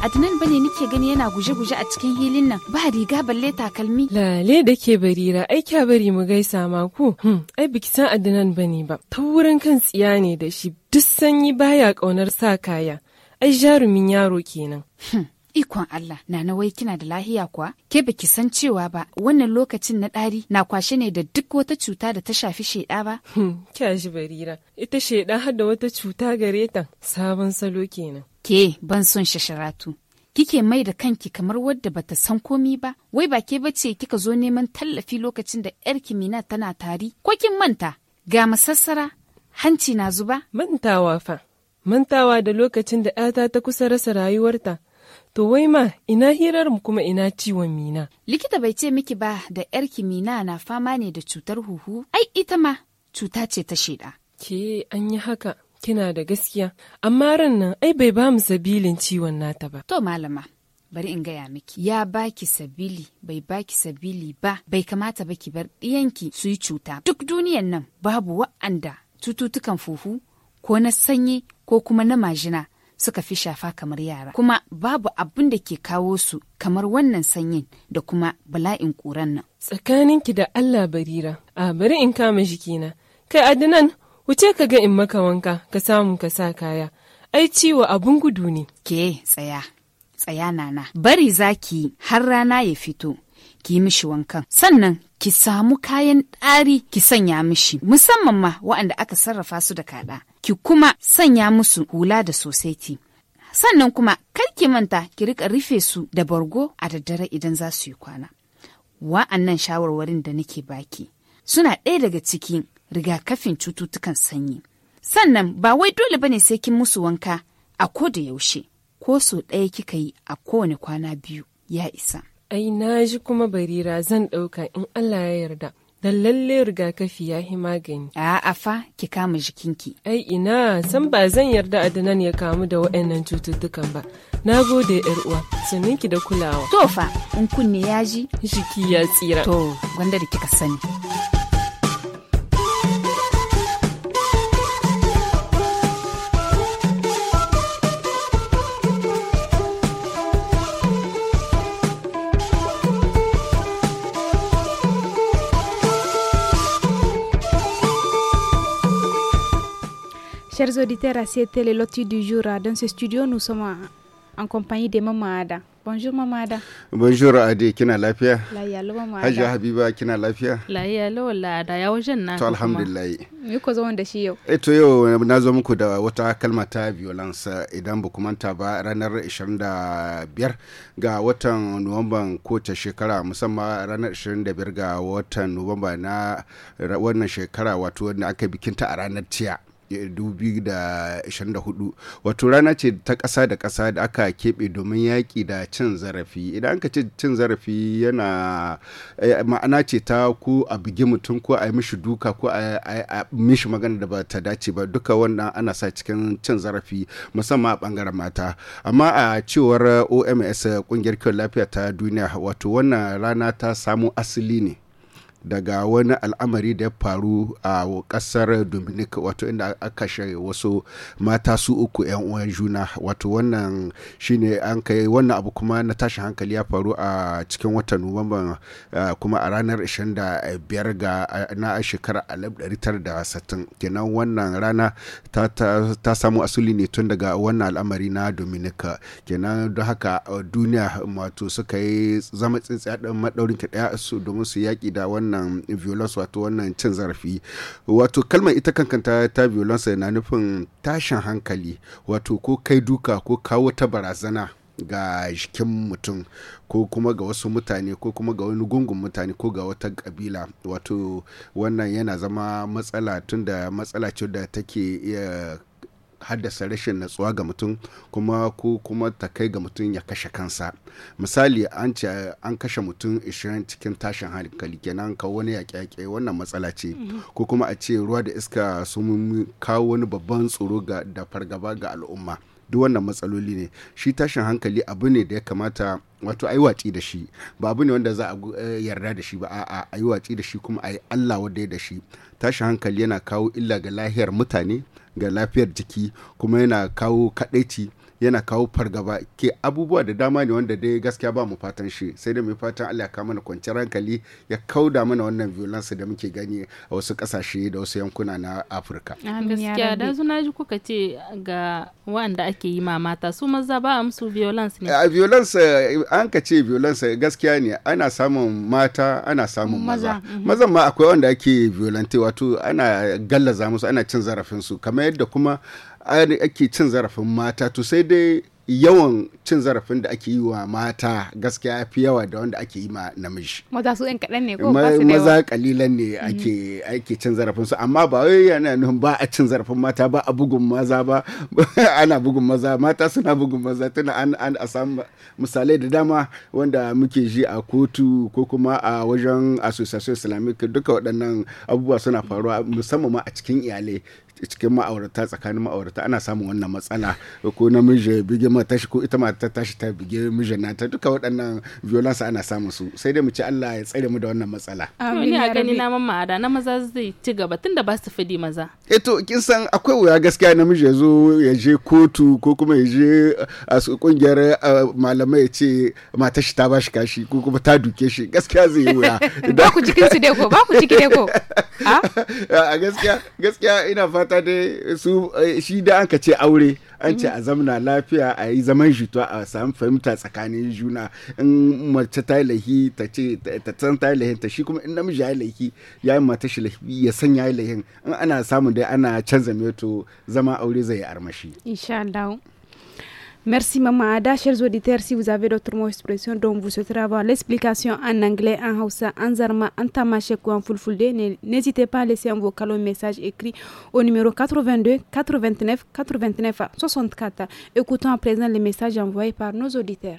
Adnan bane nike gani yana guje-guje a cikin hilin nan ba riga balle takalmi. Lale da ke barira ai kya bari mu gaisa ma ku. Hmm, ai biki san Adnan bane ba. Ta wurin kan tsiya ne da shi duk sanyi baya kaunar sa kaya. Ai jarumin yaro kenan. Hmm. ikon Allah na nawai kina da lahiya kuwa ke baki san cewa ba wannan lokacin na ɗari na kwashe ne da duk wata cuta da ta shafi sheda ba. Hmm, kya shi barira ita sheda har da wata cuta gare ta sabon salo kenan. Ke ban son shasharatu. kike mai da kanki kamar wadda bata san komi ba wai ba ke bace kika zo neman tallafi lokacin da yar kimina tana tari ko kin manta ga masassara hanci na zuba mantawa fa mantawa da lokacin da 'yata ta kusa rasa rayuwarta To wai ma ina hirar mu kuma ina ciwon mina. Likita bai ce miki ba da yarki mina na fama ne da cutar huhu, ai ita ma cuta ce ta shida. Ke an yi haka kina da gaskiya, amma ran nan ai bai ba mu sabilin ciwon nata ba. To malama, bari in gaya miki, ya baki sabili bai baki sabili ba, bai kamata ba ki bar ɗiyanki su yi cuta. Duk duniyan nan babu wa'anda cututtukan fuhu ko na sanyi ko kuma na majina suka fi shafa kamar yara kuma babu abin da ke kawo su kamar wannan sanyin da kuma bala'in ƙuran nan. Tsakanin ki da Allah barira, a bari in kama jikina, kai adinan wuce ka ga in maka wanka ka samu ka sa kaya, ai ciwo abun gudu ne. Ke tsaya, tsaya nana, bari zaki har rana ya fito. Ki mishi wankan sannan ki samu kayan ɗari ki sanya mishi musamman ma waɗanda aka sarrafa su da kaɗa. ki kuma sanya musu hula da sosaiti. Sannan kuma kar ki manta ki rika rufe su da bargo a daddare idan za su yi kwana. Wa'annan shawarwarin da nake baki suna ɗaya daga cikin rigakafin cututtukan sanyi. Sannan ba wai dole bane sai kin musu wanka a ko da yaushe ko so ɗaya kika yi a kowane kwana biyu ya isa. Ai na ji kuma barira zan ɗauka in Allah ya yarda. Dan lalle rigakafi ya yi magani. A'a fa ki kama jikinki. Ai ina san ba zan yarda adinan ya kamu da waɗannan cututtukan ba. Na gode yar uwa, ki da kulawa. To fa, in kunne ya ji? Jiki ya tsira. To, gwanda da kika sani. Chers auditeurs, assiettez les lotis du jour. Dans ce studio, nous sommes en compagnie de Maman Ada. Bonjour Maman Ada. Bonjour Adi, qui est la lafiya? La yalo Maman Ada. Hajja Habiba kina lafiya? la lo la da ya wajen na. To alhamdulillah. Me ko zo wanda shi yau? Eh to yau na zo muku da wata kalma ta violence idan ba manta ba ranar 25 ga watan Nuwamban kowace shekara musamman ranar 25 ga watan Nuwamba na wannan shekara watu wanda aka bikinta a ranar 2024 wato rana ce ta kasa da ƙasa da aka keɓe domin yaƙi da cin zarafi idan an ka ce cin zarafi yana eh, ma'ana ce ta ko a bugi mutum ko a yi mishi duka ko a mishi magana da ba ta dace ba duka wannan ana sa cikin cin zarafi musamman a bangaren mata amma a cewar oms kungiyar kiwon lafiya ta duniya wato wannan rana ta samu asali ne daga wani al'amari da ya faru a kasar dominic wato inda aka share wasu mata su uku yan uwan juna wato wannan shine an kai wannan abu kuma na tashin hankali ya faru a cikin watan nuwamban kuma a ranar 25 ga na shekarar 1960 kenan wannan rana ta, ta, samu asuli ne tun daga wannan al'amari na dominic kenan don haka duniya wato suka yi zama tsintsiya ɗan maɗaurin ka ɗaya su domin su yaƙi da wannan wannan violence wato wannan cin zarafi wato kalmar ita kankanta ta violence na nufin tashin hankali wato ko kai duka ko kawo ta barazana ga jikin mutum ko kuma ga wasu mutane ko kuma ga wani gungun mutane ko ga wata kabila wato wannan yana zama matsala tunda matsala ce da take iya haddasa rashin natsuwa ga mutum kuma ko kuma ta kai ga mutum ya kashe kansa misali an ce an kashe mutum 20 cikin tashin hankali kenan ka wani yaƙe-yaƙe wannan matsala ce ko kuma a ce ruwa da iska sun kawo wani babban tsoro da fargaba ga al'umma duk wannan matsaloli ne shi tashin hankali abu ne da ya kamata wato a yi watsi da shi ba abu ne wanda za a eh, yarda da shi ba a'a a yi watsi da shi kuma a yi allah wadda da shi tashin hankali yana kawo illa ga lahiyar mutane ga lafiyar jiki kuma yana kawo kadaici yana kawo fargaba ke abubuwa da dama ne wanda dai gaskiya ba mu fatan shi sai da mai fatan Allah ya mana kwanciyar hankali ya kauda mana wannan violence da muke gani a wasu kasashe da wasu yankuna na Afirka. Gaskiya da na ji kuka ce ga wanda ake yi ma mata su maza ba musu violence ne. A violence eh, an ka ce violence gaskiya ne ana samun mata ana samun maza. Mhm. Mazan ma akwai wanda ake violente wato ana gallaza musu ana cin zarafin su kamar yadda kuma ake cin zarafin mata to sai dai yawan cin zarafin da ake yi wa mata gaskiya fi yawa da wanda ake yi ma namiji. Maza su yan kaɗan ne ko ba su da Maza kalilan ne mhm. ake ake cin zarafin su amma ba wai yana nan ba a cin zarafin mata ba a bugun maza ba ana bugun maza mata suna bugun maza tana an an a samu misalai da dama wanda muke ji a kotu ko kuma a wajen association islamic duka waɗannan abubuwa suna faruwa musamman ma a cikin iyalai cikin ma'aurata tsakanin ma'aurata ana samun wannan matsala ko namiji bige mata tashi ko ita mata ta tashi ta bige mijin nata duka waɗannan violence ana samun su sai dai mu ci Allah ya tsare mu da wannan matsala amin ya gani na mamma ada na maza zai ci gaba tunda ba su fidi maza eh to kin san akwai wuya gaskiya namiji ya zo ya je kotu ko kuma ya je a kungiyar malamai ya ce mata shi ta ba shi kashi ko kuma ta duke shi gaskiya zai yi wuya ba ku cikin su dai ko ba ku ciki dai ko ah? a gaskiya gaskiya ina fata fata dai su eh, shi da an ka ce aure an ce a zamana lafiya a yi zaman jito a samu fahimta tsakanin juna in mace ta lahi ta ce ta san ta lahi ta shi kuma in namiji ya lahi ya yi mata shi lahi ya san ya lahi in ana samun dai ana canza to zama aure zai yi armashi insha Allah Merci Maman Ada. Chers auditeurs, si vous avez d'autres mots d'expression dont vous souhaitez avoir l'explication en anglais, en hausa, en zarma, en tamashek ou en fulfulde, n'hésitez pas à laisser un vocal ou un message écrit au numéro 82 89 89 64. Écoutons à présent les messages envoyés par nos auditeurs.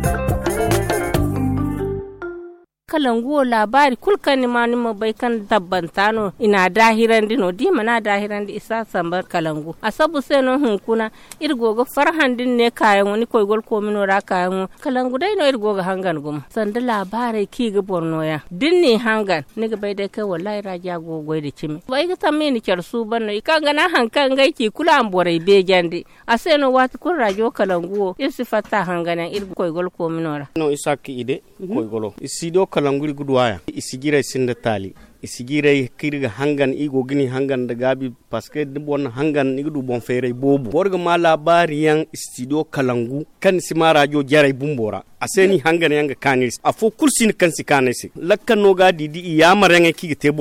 kalanguwo labari kulkani ma ma bai kan tabbantano ina dahiran dino di mana dahiran di isa sambar kalangu asabu sai no hunkuna irgogo farhan din ne kayan wani koi gol ko mino ra kayan kalangu dai no irgogo hangan gum sanda labarai ki ga borno ya din ne hangan ni ga bai dai kai wallahi raja gogo da cimi bai ga tamme ni su banno ikan ga na hankan ga ki kula an borai be jandi asai no wata kun rajo Kalangu irsi fatta hanganan ir koi gol ko mino ra no isaki ide koi golo isido kalanguli gudu waya isigira isinda tali Isigire kirga hangan igo gini hangan da gabi paske bon hangan igdu bon fere bobu borga ma labari yang studio kalangu kan sima radio jaray bumbora aseni hangan yanga kanis afo kursin kan si kanisi lakkan no ga didi yamar yang kige te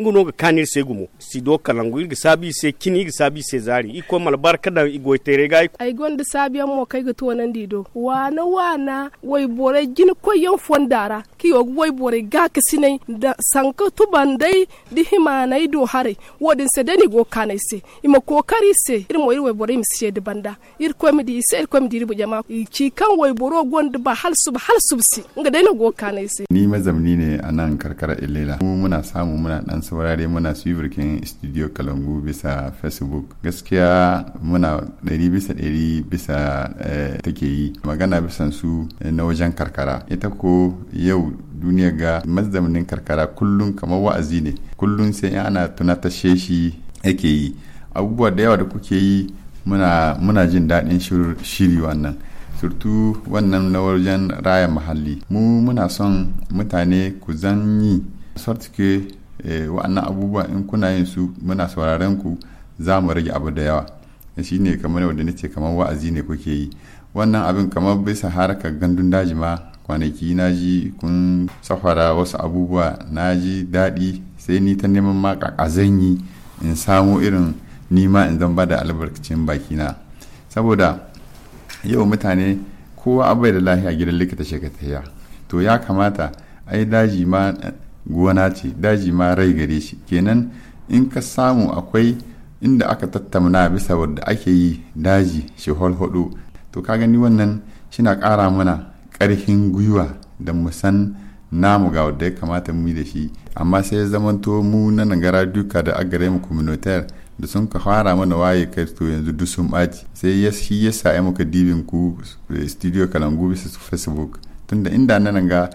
nguno ga studio kalangu sabi se kini sabi se zari iko mal barka da igo tere ga ai gonda sabiyan mo wana wana wai borai koyon fondara ki wai bore ga kasinai da sanka bandai di na ido hare wodin se deni go kana ise ima kari se ir we bore mi se de banda ir mi di se ir mi di ribu jama ci kan wai boro gonda ba hal sub hal sub si nga dai na go kana ni mazamni ne a nan karkara ilela mu muna samu muna dan saurare muna suivirkin studio kalangu bisa facebook gaskiya muna ɗari bisa ɗari bisa eh, take yi magana bisan su eh, na wajen karkara ita ko yau duniya ga mazaunin karkara kullum kamar wa'azi ne kullum sai ana tunatashe shi yake yi abubuwa da yawa da kuke yi muna jin daɗin shiri wannan surtu wannan na wajen raya muhalli mu muna son mutane ku zan zanyi sortike eh, wa'annan abubuwa in kuna yin su muna sauraren ku za mu rage abu da yawa shi ne kamar wadda nace kamar wa'azi ne kuke yi wannan abin kamar bisa harkar gandun daji ma kwanaki na ji kun safara wasu abubuwa na ji daɗi sai ni ta neman ma zan yi in samu irin nima in zan bada albarkacin bakina saboda yau mutane kowa abai da lahiya gidan likita shekataya to ya kamata ai daji ma eh, gona ce daji ma rai gare shi kenan in ka samu akwai inda aka tattauna bisa wadda ake yi daji shi hudu to ka gani wannan shi na ƙara mana ƙarfin gwiwa da mu san namu ga wadda ya kamata mu yi da shi amma sai ya to mu na nagara duka da agare mu communautaire da sun ka fara mana waye kai to yanzu duk sun ɓaci sai ya shi ya sa ya muka dibin ku eh, studio kalangu bisa su facebook tunda inda na nan ga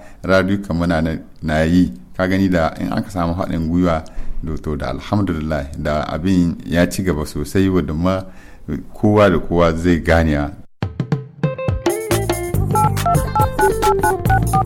muna na yi ka gani da in aka samu haɗin gwiwa to da alhamdulillah da abin ya ci gaba sosai wadda ma kowa da kowa zai gane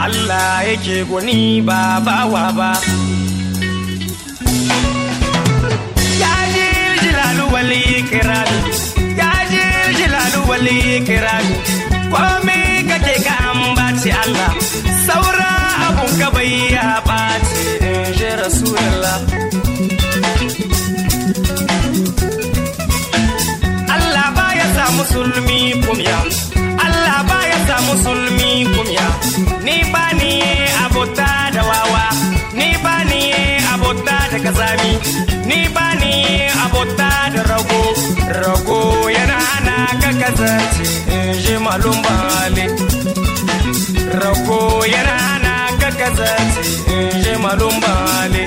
Allah yake guni ba bawa ba. Ya ji jilalu wali kirami, ya ji jilalu wali kirami, kome kake ka ambaci Allah, saura abun ka bai ya ɓaci in ji Allah ba ya sa musulmi kumya. ni ba ni abota da wawa ni ba ni abota da kazami ni ba ni abota da rago rago yana hana ka kazance in ji malum bale rago yana hana ka kazance in ji malum bale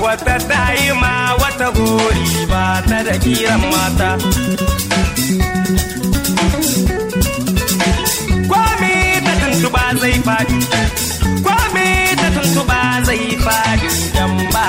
wata ta ma wata gori ba ta da kiran mata kwame ta tuntuba zai faɗi kwame ta tuntuba zai faɗi dan ba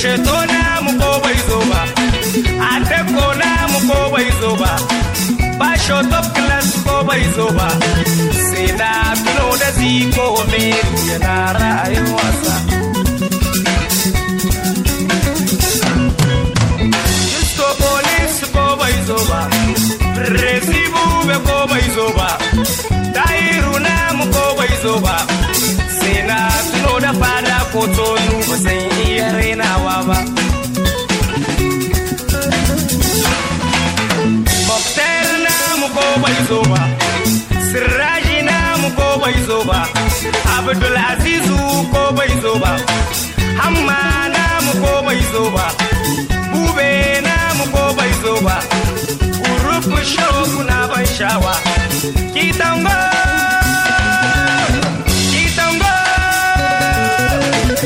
Shetona mukoba izoba Atekona mukoba izoba Basho top class koba izoba Sina kino da ziko meri Yenara ayuasa Yusko polis koba izoba Resibu be koba izoba Dairuna mukoba izoba Dairuna mukoba izoba Baba. Baftar namu ko bai zo ba, Sirraji namu ko bai zo ba, Abdulazizu ko bai zo ba, Hamma namu ko bai zo ba, Bube namu Urufu shauku na ban shawa, Kitango! Kitango!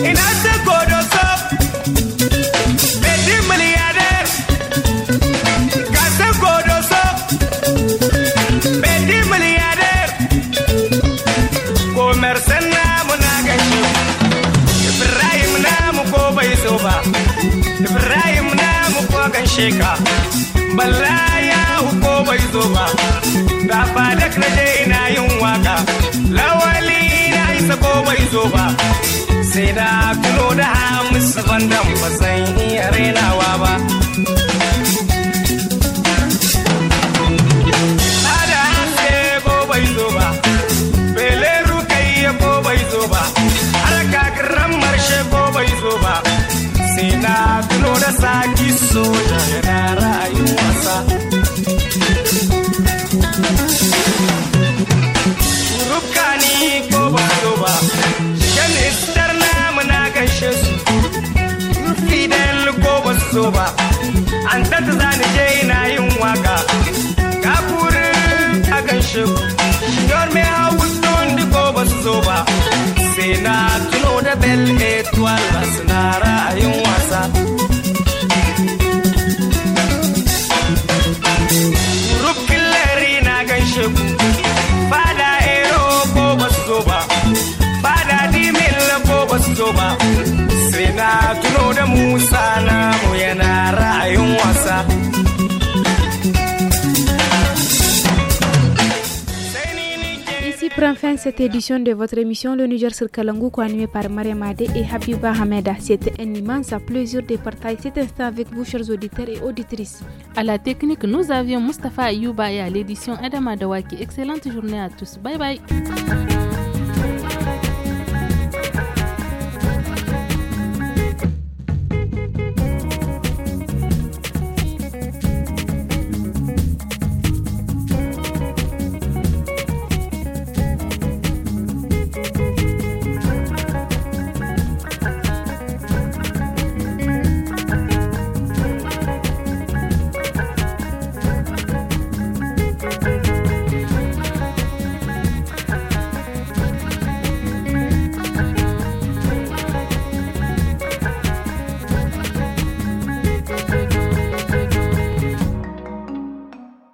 Ina gaishe ka balla ya ko bai zo ba Da fadak na je ina yin waka lawali na isa ko bai zo ba sai da tuno da hamisu bandan ba san iya rainawa ba zaki soja yana rayuwarsa rubka na a bel etoile enfin fin cette édition de votre émission Le Niger sur Kalangou, animée par Maria et Habiba Hameda. C'était un immense plaisir de partager cet instant avec vous, chers auditeurs et auditrices. À la technique, nous avions Mustapha Ayouba et à l'édition Adama Dawaki. Excellente journée à tous. Bye bye.